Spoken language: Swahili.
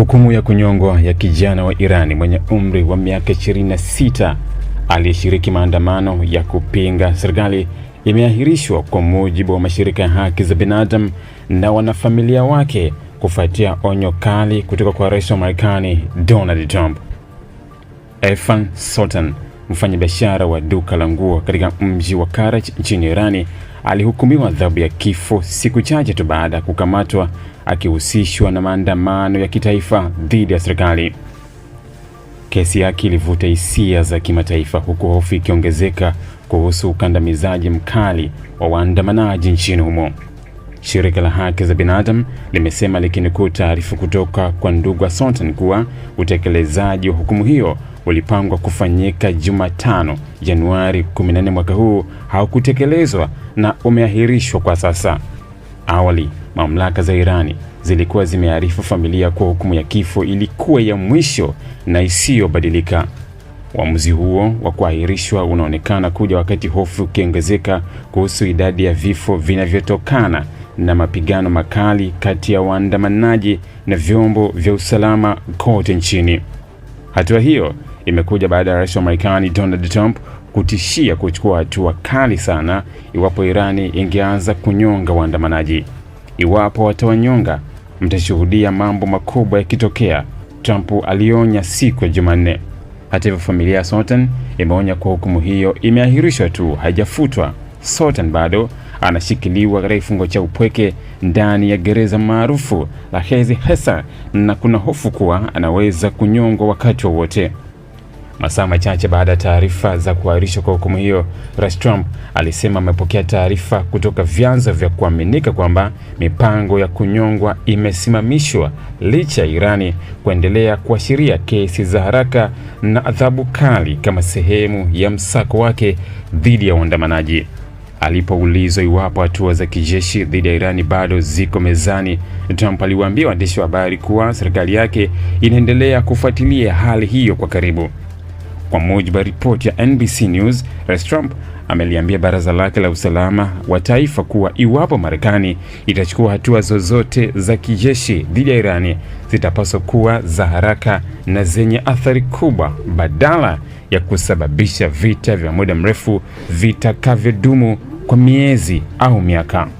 Hukumu ya kunyongwa ya kijana wa Irani mwenye umri wa miaka 26 aliyeshiriki maandamano ya kupinga serikali imeahirishwa kwa mujibu wa mashirika ya haki za binadamu na wanafamilia wake kufuatia onyo kali kutoka kwa rais wa Marekani Donald Trump. Ethan Sultan, mfanyabiashara wa duka la nguo katika mji wa Karaj nchini Irani, alihukumiwa adhabu ya kifo siku chache tu baada ya kukamatwa akihusishwa na maandamano ya kitaifa dhidi ya serikali. Kesi yake ilivuta hisia za kimataifa huku hofu ikiongezeka kuhusu ukandamizaji mkali wa waandamanaji nchini humo. Shirika la haki za binadamu limesema likinukuu taarifa kutoka kwa ndugu wa Sultan kuwa utekelezaji wa hukumu hiyo ulipangwa kufanyika Jumatano Januari 14 mwaka huu haukutekelezwa na umeahirishwa kwa sasa. Awali, mamlaka za Irani zilikuwa zimearifu familia kuwa hukumu ya kifo ilikuwa ya mwisho na isiyobadilika. Uamuzi huo wa kuahirishwa unaonekana kuja wakati hofu ukiongezeka kuhusu idadi ya vifo vinavyotokana na mapigano makali kati ya waandamanaji na vyombo vya usalama kote nchini. Hatua hiyo imekuja baada ya rais wa Marekani Donald Trump kutishia kuchukua hatua kali sana iwapo Irani ingeanza kunyonga waandamanaji. Iwapo watawanyonga, mtashuhudia mambo makubwa yakitokea, Trump alionya siku ya Jumanne. Hata hivyo, familia ya Sultan imeonya kuwa hukumu hiyo imeahirishwa tu, haijafutwa. Sultan bado anashikiliwa katika kifungo cha upweke ndani ya gereza maarufu la Hezi Hesa na kuna hofu kuwa anaweza kunyongwa wakati wowote wa Masaa machache baada ya taarifa za kuahirishwa kwa hukumu hiyo, Rais Trump alisema amepokea taarifa kutoka vyanzo vya kuaminika kwamba mipango ya kunyongwa imesimamishwa licha ya Irani kuendelea kuashiria kesi za haraka na adhabu kali kama sehemu ya msako wake dhidi ya waandamanaji. Alipoulizwa iwapo hatua za kijeshi dhidi ya Irani bado ziko mezani, Trump aliwaambia waandishi wa habari kuwa serikali yake inaendelea kufuatilia hali hiyo kwa karibu. Kwa mujibu wa ripoti ya NBC News, Rais Trump ameliambia baraza lake la usalama wa taifa kuwa iwapo Marekani itachukua hatua zozote za kijeshi dhidi ya Irani zitapaswa kuwa za haraka na zenye athari kubwa badala ya kusababisha vita vya muda mrefu vitakavyodumu kwa miezi au miaka.